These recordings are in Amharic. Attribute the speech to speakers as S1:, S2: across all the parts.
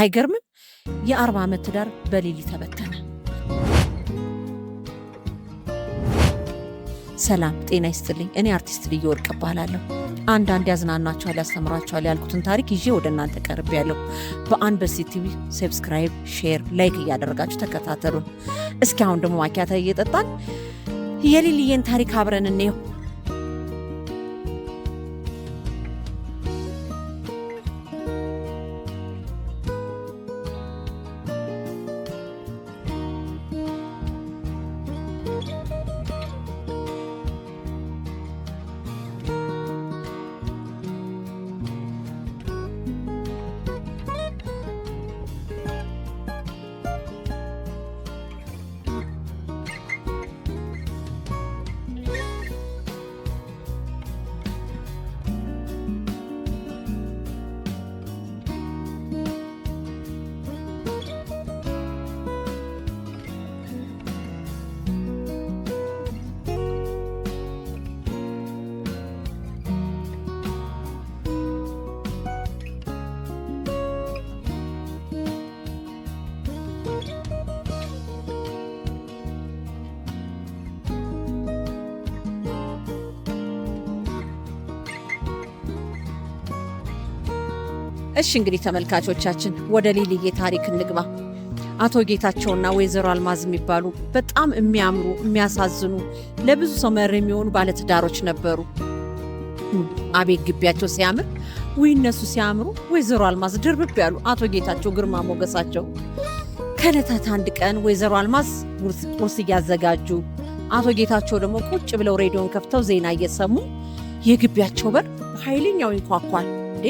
S1: አይገርምም? የአርባ ዓመት ትዳር በሌሊት ተበተነ። ሰላም ጤና ይስጥልኝ። እኔ አርቲስት ልዩ ወርቅ እባላለሁ። አንዳንድ ያዝናናችኋል፣ ያስተምራችኋል ያልኩትን ታሪክ ይዤ ወደ እናንተ ቀርብ ያለው በአንበሲ ቲቪ ሰብስክራይብ፣ ሼር፣ ላይክ እያደረጋችሁ ተከታተሉን። እስኪ አሁን ደግሞ ማኪያታ እየጠጣን የሊልዬን ታሪክ አብረን እንየው። እሺ እንግዲህ ተመልካቾቻችን ወደ ሊልዬ ታሪክ እንግባ። አቶ ጌታቸውና ወይዘሮ አልማዝ የሚባሉ በጣም የሚያምሩ የሚያሳዝኑ ለብዙ ሰው መር የሚሆኑ ባለትዳሮች ነበሩ። አቤት ግቢያቸው ሲያምር! ውይ እነሱ ሲያምሩ! ወይዘሮ አልማዝ ድርብብ ያሉ፣ አቶ ጌታቸው ግርማ ሞገሳቸው። ከለታት አንድ ቀን ወይዘሮ አልማዝ ቁርስ እያዘጋጁ አቶ ጌታቸው ደግሞ ቁጭ ብለው ሬዲዮን ከፍተው ዜና እየሰሙ የግቢያቸው በር በኃይለኛው ይንኳኳል። እንዴ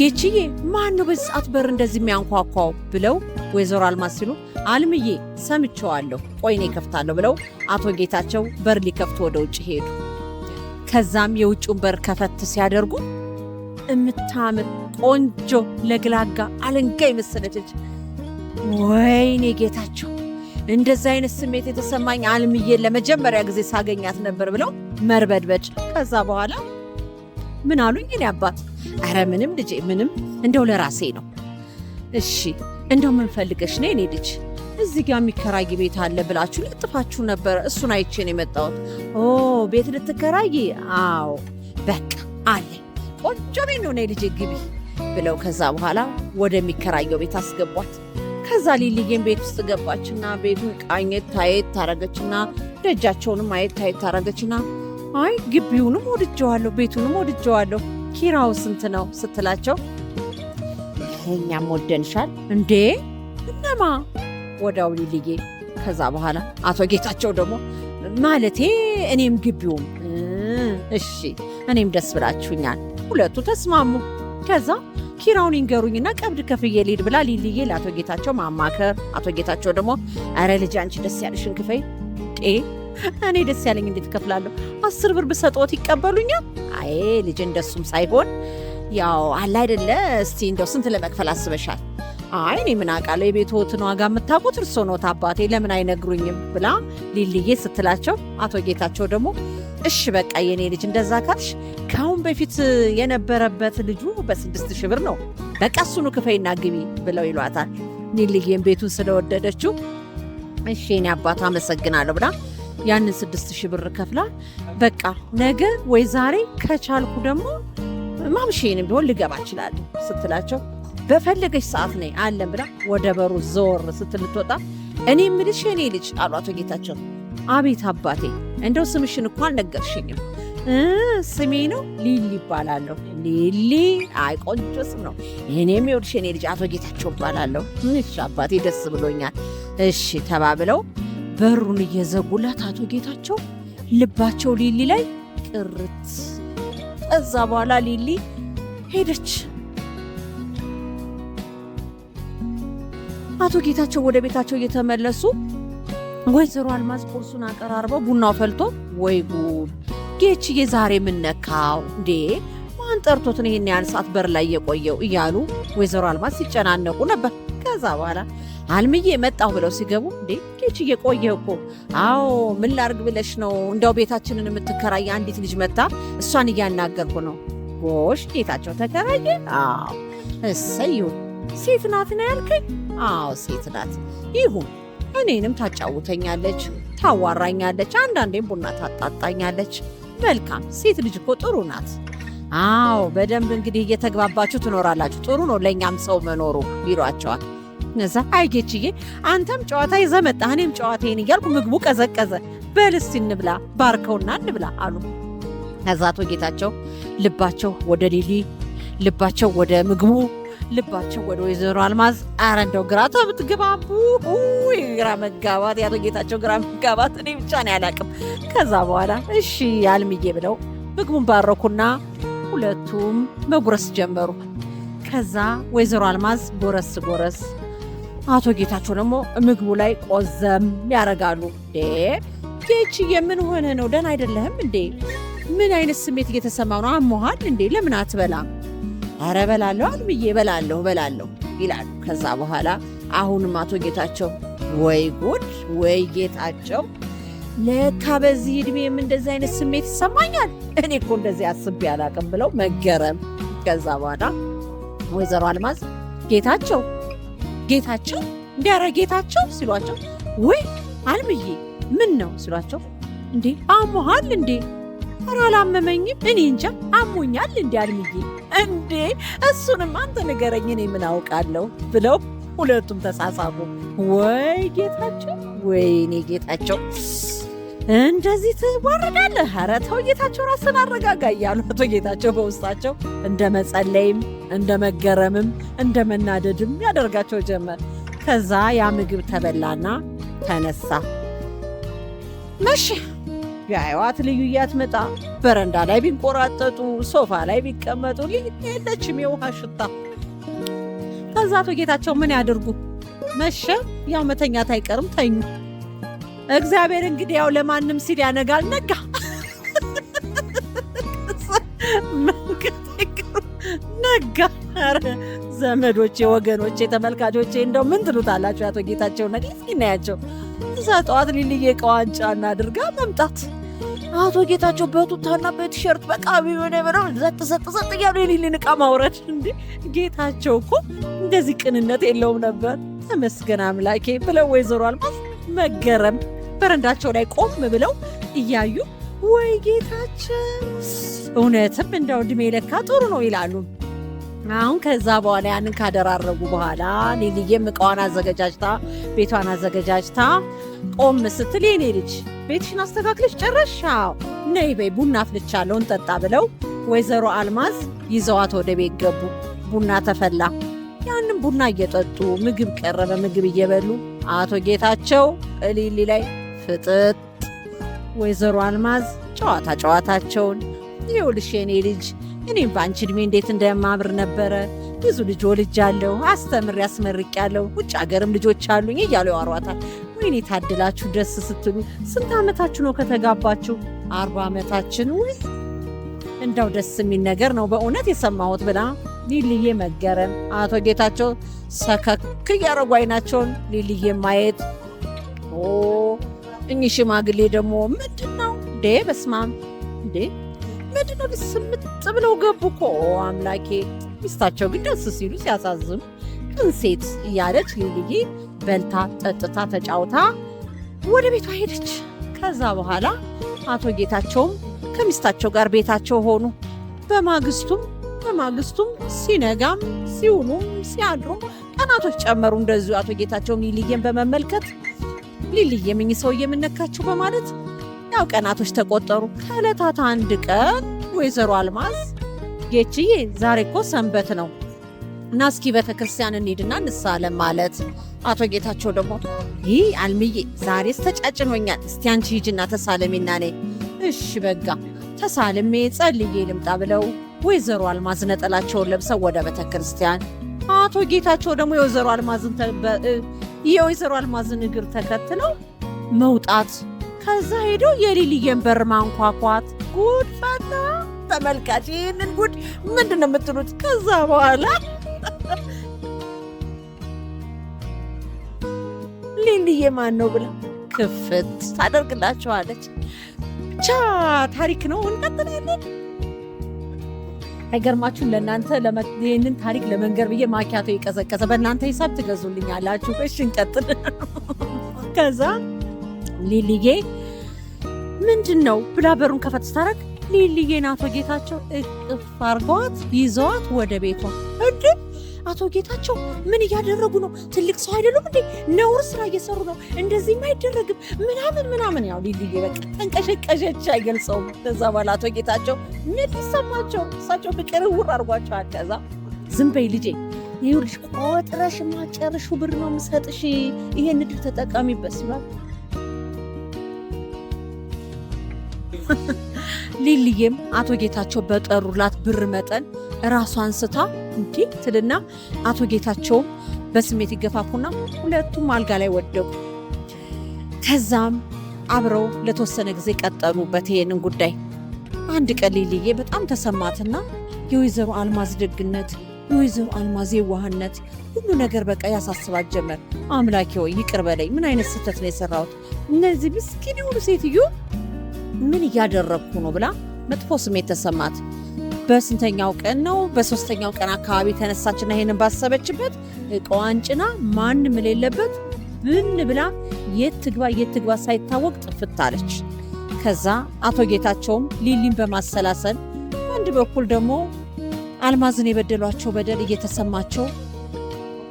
S1: ጌችዬ ማን ነው በዚህ ሰዓት በር እንደዚህ የሚያንኳኳው? ብለው ወይዘሮ አልማዝ ሲሉ አልምዬ ሰምቸዋለሁ፣ ቆይኔ ከፍታለሁ ብለው አቶ ጌታቸው በር ሊከፍቱ ወደ ውጭ ሄዱ። ከዛም የውጭውን በር ከፈት ሲያደርጉ እምታምር ቆንጆ ለግላጋ አለንጋ የመሰለች ወይኔ ጌታቸው እንደዚህ አይነት ስሜት የተሰማኝ አልምዬን ለመጀመሪያ ጊዜ ሳገኛት ነበር ብለው መርበድበድ። ከዛ በኋላ ምን አሉኝ እኔ አባት አረ ምንም ልጄ ምንም፣ እንደው ለራሴ ነው። እሺ እንደው ምን ፈልገሽ ነው የኔ ልጅ? እዚህ ጋር የሚከራይ ቤት አለ ብላችሁ ልጥፋችሁ ነበረ። እሱን አይቼ ነው የመጣሁት። ኦ ቤት ልትከራይ? አዎ በቃ አለ ቆንጆ ቤት ነው፣ ነይ ልጄ ግቢ ብለው ከዛ በኋላ ወደሚከራየው ቤት አስገቧት። ከዛ ሊልየን ቤት ውስጥ ገባችና ቤቱን ቃኘት ታየት ታረገችና ደጃቸውንም አየት ታየት ታረገችና አይ ግቢውንም ወድጀዋለሁ፣ ቤቱንም ወድጀዋለሁ ኪራው ስንት ነው ስትላቸው እኛም ወደንሻል እንዴ እነማ ወዳው ሊልዬ ከዛ በኋላ አቶ ጌታቸው ደግሞ ማለቴ እኔም ግቢውም እሺ እኔም ደስ ብላችሁኛል ሁለቱ ተስማሙ ከዛ ኪራውን ይንገሩኝና ቀብድ ከፍዬ ልሂድ ብላ ልልዬ ለአቶ ጌታቸው ማማከር አቶ ጌታቸው ደግሞ አረ ልጅ አንቺ ደስ ያለሽን ክፈይ ጤ እኔ ደስ ያለኝ እንዴት እከፍላለሁ? አስር ብር ብሰጥዎት ይቀበሉኛል? አይ ልጅ እንደሱም ሳይሆን ያው አለ አይደለ፣ እስቲ እንደው ስንት ለመክፈል አስበሻል? አይ እኔ ምን አውቃለሁ፣ የቤትዎትን ዋጋ የምታውቁት እርስዎ ኖት አባቴ፣ ለምን አይነግሩኝም ብላ ሊልዬ ስትላቸው፣ አቶ ጌታቸው ደግሞ እሺ በቃ የኔ ልጅ እንደዛ ካልሽ ከአሁን በፊት የነበረበት ልጁ በስድስት ሺህ ብር ነው፣ በቃ እሱኑ ክፈይና ግቢ ብለው ይሏታል። ሊልዬም ቤቱን ስለወደደችው እሺ የኔ አባት አመሰግናለሁ ብላ ያንን ስድስት ሺህ ብር ከፍላ በቃ ነገ ወይ ዛሬ ከቻልኩ ደግሞ ማምሼንም ቢሆን ልገባ እችላለሁ ስትላቸው በፈለገች ሰዓት ነኝ አለን ብላ ወደ በሩ ዞር ስትልትወጣ እኔ የምልሽ የኔ ልጅ አሉ አቶ ጌታቸው። አቤት አባቴ፣ እንደው ስምሽን እኮ አልነገርሽኝም። ስሜ ነው ሊሊ ይባላለሁ። ሊሊ አይ ቆንጆ ስም ነው። እኔም ይኸውልሽ የኔ ልጅ አቶ ጌታቸው ይባላለሁ። እሺ አባቴ፣ ደስ ብሎኛል። እሺ ተባብለው በሩን እየዘጉላት አቶ ጌታቸው ልባቸው ሊሊ ላይ ቅርት። ከዛ በኋላ ሊሊ ሄደች። አቶ ጌታቸው ወደ ቤታቸው እየተመለሱ ወይዘሮ አልማዝ ቁርሱን አቀራርበው ቡናው ፈልቶ፣ ወይ ጉድ ጌችዬ ዛሬ የምነካው እንዴ? ማን ጠርቶት ነው ይህን ያህል ሰዓት በር ላይ የቆየው? እያሉ ወይዘሮ አልማዝ ሲጨናነቁ ነበር። ከዛ በኋላ አልምዬ መጣሁ ብለው ሲገቡ እንዴ ጌች እየቆየ እኮ አዎ ምን ላርግ ብለሽ ነው እንደው ቤታችንን የምትከራየ አንዲት ልጅ መጣ እሷን እያናገርኩ ነው ጎሽ ጌታቸው ተከራየ አዎ እሰዩ ሴት ናት ነው ያልከኝ አዎ ሴት ናት ይሁን እኔንም ታጫውተኛለች ታዋራኛለች አንዳንዴም ቡና ታጣጣኛለች መልካም ሴት ልጅ እኮ ጥሩ ናት አዎ በደንብ እንግዲህ እየተግባባችሁ ትኖራላችሁ ጥሩ ነው ለእኛም ሰው መኖሩ ይሏቸዋል ነዛ አይጌችዬ አንተም ጨዋታ ይዘህ መጣህ፣ እኔም ጨዋታዬን እያልኩ ምግቡ ቀዘቀዘ። በልስ እንብላ፣ ባርከውና እንብላ አሉ። ከዛ አቶ ጌታቸው ልባቸው ወደ ሊሊ፣ ልባቸው ወደ ምግቡ፣ ልባቸው ወደ ወይዘሮ አልማዝ። አረ እንደው ግራ ተብትግባቡ ግራ መጋባት፣ የአቶ ጌታቸው ግራ መጋባት እኔ ብቻ ነው ያላቅም። ከዛ በኋላ እሺ አልምዬ ብለው ምግቡን ባረኩና ሁለቱም መጉረስ ጀመሩ። ከዛ ወይዘሮ አልማዝ ጎረስ ጎረስ አቶ ጌታቸው ደግሞ ምግቡ ላይ ቆዘም ያደርጋሉ። ጌች የምን ሆነ ነው? ደህና አይደለህም እንዴ? ምን አይነት ስሜት እየተሰማ ነው? አሞሃል እንዴ? ለምን አትበላም? አረ በላለሁ አልምዬ በላለሁ በላለሁ ይላሉ። ከዛ በኋላ አሁንም አቶ ጌታቸው ወይ ጉድ ወይ ጌታቸው፣ ለካ በዚህ ዕድሜም እንደዚህ አይነት ስሜት ይሰማኛል፣ እኔ እኮ እንደዚህ አስቤ አላቅም ብለው መገረም። ከዛ በኋላ ወይዘሮ አልማዝ ጌታቸው ጌታቸው እንዲያረ ጌታቸው ሲሏቸው ወይ አልምዬ ምን ነው ሲሏቸው እንዴ አሞሃል እንዴ ኧረ አላመመኝም እኔ እንጃ አሞኛል እንዴ አልምዬ እንዴ እሱንም አንተ ንገረኝ እኔ ምን አውቃለሁ ብለው ሁለቱም ተሳሳቡ። ወይ ጌታቸው ወይኔ ጌታቸው እንደዚህ ትዋረዳለህ? ኧረ ተው ጌታቸው፣ ራስን አረጋጋ እያሉ አቶ ጌታቸው በውስጣቸው እንደ መጸለይም እንደ መገረምም እንደ መናደድም ያደርጋቸው ጀመር። ከዛ ያ ምግብ ተበላና ተነሳ። መሸ። የአይዋት ልዩ እያትመጣ በረንዳ ላይ ቢንቆራጠጡ፣ ሶፋ ላይ ቢቀመጡ የለችም የውሃ ሽታ። ከዛ አቶ ጌታቸው ምን ያደርጉ መሸ። ያው መተኛት አይቀርም ተኙ። እግዚአብሔር እንግዲህ ያው ለማንም ሲል ያነጋል። ነጋ ነጋ። ዘመዶቼ፣ ወገኖቼ፣ ተመልካቾቼ እንደው ምን ትሉታላችሁ? አቶ ጌታቸው ነጋ እስኪ እናያቸው። እዛ ጠዋት ሊልዬ ቀዋንጫ እና አድርጋ መምጣት አቶ ጌታቸው በቱታና በቲሸርት በቃ ቢሆነ ብለው ዘጥ ዘጥ ዘጥ እያሉ የሊሊን ዕቃ ማውረድ። እንዲ ጌታቸው እኮ እንደዚህ ቅንነት የለውም ነበር። ተመስገን አምላኬ ብለው ወይዘሮ አልማዝ መገረም በረንዳቸው ላይ ቆም ብለው እያዩ ወይ ጌታችን እውነትም እንደው እድሜ ለካ ጥሩ ነው ይላሉ። አሁን ከዛ በኋላ ያንን ካደራረጉ በኋላ ሊልዬም እቃዋን አዘገጃጅታ ቤቷን አዘገጃጅታ ቆም ስትል የኔ ልጅ ቤትሽን አስተካክለሽ ጨረሻ ነይ በይ ቡና አፍልቻለሁ እንጠጣ ብለው ወይዘሮ አልማዝ ይዘዋት ወደ ቤት ገቡ። ቡና ተፈላ። ያንን ቡና እየጠጡ ምግብ ቀረበ። ምግብ እየበሉ አቶ ጌታቸው እሊሊ ላይ ፍጥጥ ወይዘሮ አልማዝ ጨዋታ ጨዋታቸውን ይኸውልሽ የኔ ልጅ እኔም በአንቺ ዕድሜ እንዴት እንደማምር ነበረ ብዙ ልጅ ወልጃለሁ፣ አስተምሬ አስመርቄያለሁ፣ ውጭ አገርም ልጆች አሉኝ እያሉ ያወሯታል። ወይኔ ታድላችሁ ደስ ስትሉ። ስንት ዓመታችሁ ነው ከተጋባችሁ? አርባ ዓመታችን። ውይ እንደው ደስ የሚል ነገር ነው በእውነት የሰማሁት ብላ ሊልዬ መገረም፣ አቶ ጌታቸው ሰከክ እያረጉ አይናቸውን ሊልዬ ማየት እኚህ ሽማግሌ ደግሞ ምንድን ነው እንዴ? በስማም እንዴ ምንድን ነው ስምጥ ብለው ገቡ እኮ አምላኬ። ሚስታቸው ግን ደስ ሲሉ ሲያሳዝኑ ቅን ሴት እያለች ልልይ በልታ ጠጥታ ተጫውታ ወደ ቤቷ ሄደች። ከዛ በኋላ አቶ ጌታቸውም ከሚስታቸው ጋር ቤታቸው ሆኑ። በማግስቱም በማግስቱም ሲነጋም ሲውሉም ሲያድሩም ቀናቶች ጨመሩ። እንደዚሁ አቶ ጌታቸውም ሊልየን በመመልከት ሊሊ የሚኝ ሰው የምነካችው በማለት ያው ቀናቶች ተቆጠሩ። ከዕለታት አንድ ቀን ወይዘሮ አልማዝ ጌችዬ፣ ዛሬ እኮ ሰንበት ነው እና እስኪ ቤተክርስቲያን እንሂድና እንሳለን ማለት አቶ ጌታቸው ደግሞ ይህ አልምዬ ዛሬስ ተጫጭኖኛል፣ እስቲ አንቺ ሂጂና ተሳለሚና ኔ እሺ በጋ ተሳልሜ ጸልዬ ልምጣ ብለው ወይዘሮ አልማዝ ነጠላቸውን ለብሰው ወደ ቤተክርስቲያን አቶ ጌታቸው ደግሞ የወይዘሮ አልማዝን የወይዘሮ አልማዝን እግር ተከትለው መውጣት፣ ከዛ ሄዶ የሊሊየን በር ማንኳኳት። ጉድ ፈታ ተመልካች! ይህንን ጉድ ምንድን ነው የምትሉት? ከዛ በኋላ ሊሊዬ ማን ነው ብላ ክፍት ታደርግላቸዋለች። ብቻ ታሪክ ነው። እንቀጥላለን። አይገርማችሁም? ለእናንተ ይህንን ታሪክ ለመንገር ብዬ ማኪያቶ የቀዘቀዘ በእናንተ ሂሳብ ትገዙልኝ አላችሁ። እሺ እንቀጥል። ከዛ ሊሊዬ ምንድን ነው ብላ በሩን ከፈት ስታረግ ሊሊዬ ናቶ ጌታቸው እቅፍ አርጓት ይዘዋት ወደ ቤቷ እድል አቶ ጌታቸው ምን እያደረጉ ነው? ትልቅ ሰው አይደሉም እንዴ? ነውር ስራ እየሰሩ ነው። እንደዚህም አይደረግም ምናምን ምናምን። ያው ሊልዬ በቃ ተንቀሸቀሸች፣ አይገልጸውም። ከዛ በኋላ አቶ ጌታቸው ምን ይሰማቸው? እሳቸው ፍቅር ውር አድርጓቸዋል። ከዛ ዝም በይ ልጄ ይኸውልሽ ቆጥረሽ ማጨርሹ ብር ነው የምሰጥሽ፣ ይሄን ድር ተጠቃሚበት ሲባል ሊልዬም አቶ ጌታቸው በጠሩላት ብር መጠን ራሷን ስታ እንዲ ትልና አቶ ጌታቸው በስሜት ይገፋፉና ሁለቱም አልጋ ላይ ወደቁ። ከዛም አብረው ለተወሰነ ጊዜ ቀጠሉበት ይሄንን ጉዳይ። አንድ ቀን ሊልዬ በጣም ተሰማትና የወይዘሮ አልማዝ ደግነት፣ የወይዘሮ አልማዝ የዋህነት ሁሉ ነገር በቃ ያሳስባት ጀመር። አምላኬ ሆይ ይቅር በለኝ፣ ምን አይነት ስህተት ነው የሰራሁት? እነዚህ ምስኪን የሆኑ ሴትዮ ምን እያደረግኩ ነው ብላ መጥፎ ስሜት ተሰማት። በስንተኛው ቀን ነው? በሶስተኛው ቀን አካባቢ ተነሳችና ይሄንን ባሰበችበት እቃዋን ጭና ማንም ብን ብላ የት ትግባ የት ትግባ ሳይታወቅ ጥፍት አለች። ከዛ አቶ ጌታቸውም ሊሊን በማሰላሰል አንድ በኩል ደግሞ አልማዝን የበደሏቸው በደል እየተሰማቸው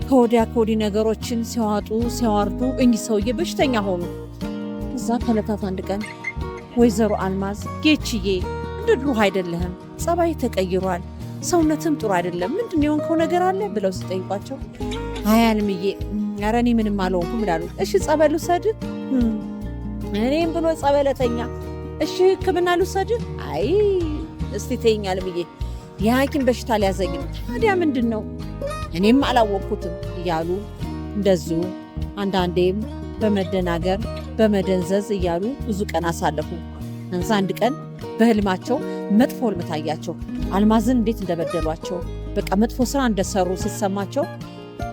S1: ከወዲያ ከወዲ ነገሮችን ሲዋጡ ሲያዋርዱ እኚህ ሰውዬ በሽተኛ ሆኑ። እዛ ከለታት አንድ ቀን ወይዘሮ አልማዝ ጌችዬ እንደ ድሮህ አይደለህም ጸባይ ተቀይሯል፣ ሰውነትም ጥሩ አይደለም፣ ምንድን የሆንከው ነገር አለ ብለው ሲጠይቋቸው አይ አለምዬ፣ ኧረ እኔ ምንም አልሆንኩም ይላሉ። እሺ ጸበል ውሰድ፣ እኔም ብሎ ጸበለተኛ። እሺ ሕክምና ልውሰድ፣ አይ እስቲ ተይኝ አለምዬ፣ የሐኪም በሽታ ሊያዘኝም። ነው። ታዲያ ምንድን ነው? እኔም አላወቅኩትም እያሉ እንደዚሁ አንዳንዴም በመደናገር በመደንዘዝ እያሉ ብዙ ቀን አሳለፉ። አንድ ቀን በህልማቸው መጥፎ ህልም ታያቸው። አልማዝን እንዴት እንደበደሏቸው በቃ መጥፎ ስራ እንደሰሩ ስትሰማቸው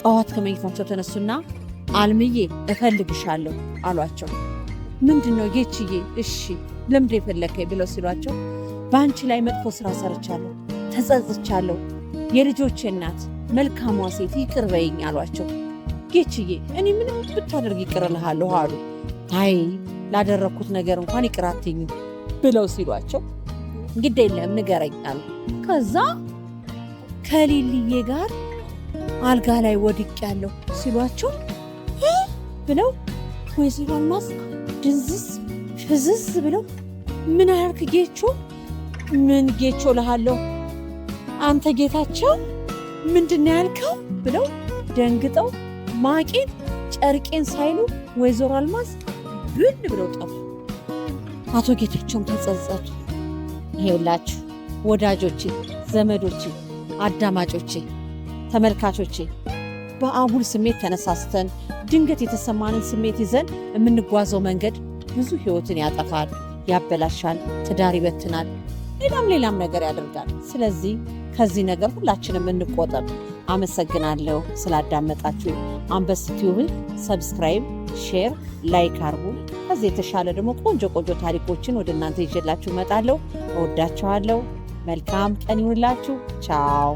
S1: ጠዋት ከመኝታቸው ተነሱና አልምዬ እፈልግሻለሁ አሏቸው። ምንድን ነው ጌችዬ? እሺ ለምድ የፈለከኝ ብለው ሲሏቸው በአንቺ ላይ መጥፎ ስራ ሰርቻለሁ፣ ተጸጽቻለሁ። የልጆቼ እናት መልካሟ ሴት ይቅር በይኝ አሏቸው። ጌችዬ እኔ ምንም ብታደርግ ይቅር እልሃለሁ አሉ። አይ ላደረግኩት ነገር እንኳን ይቅር አትይኝም ብለው ሲሏቸው ግድ የለም ንገረኝ ከዛ ከሊልዬ ጋር አልጋ ላይ ወድቅ ያለው ሲሏቸው ብለው ወይዘሮ አልማዝ ድንዝዝ ፍዝዝ ብለው ምን አርክ ጌቾ? ምን ጌቾ ልሃለሁ አንተ ጌታቸው ምንድን ያልከው? ብለው ደንግጠው ማቄን ጨርቄን ሳይሉ ወይዘሮ አልማዝ ብን ብለው ጠፉ። አቶ ጌታቸውም ተጸጸቱ። ይሄውላችሁ ወዳጆቼ፣ ዘመዶቼ፣ አዳማጮቼ፣ ተመልካቾቼ በአጉል ስሜት ተነሳስተን ድንገት የተሰማንን ስሜት ይዘን የምንጓዘው መንገድ ብዙ ሕይወትን ያጠፋል፣ ያበላሻል፣ ትዳር ይበትናል፣ ሌላም ሌላም ነገር ያደርጋል። ስለዚህ ከዚህ ነገር ሁላችንም እንቆጠብ። አመሰግናለሁ ስላዳመጣችሁ። አንበስ ቲዩብን ሰብስክራይብ፣ ሼር፣ ላይክ አርጉ። ከዚህ የተሻለ ደግሞ ቆንጆ ቆንጆ ታሪኮችን ወደ እናንተ ይዤላችሁ እመጣለሁ። እወዳችኋለሁ። መልካም ቀን ይሁንላችሁ። ቻው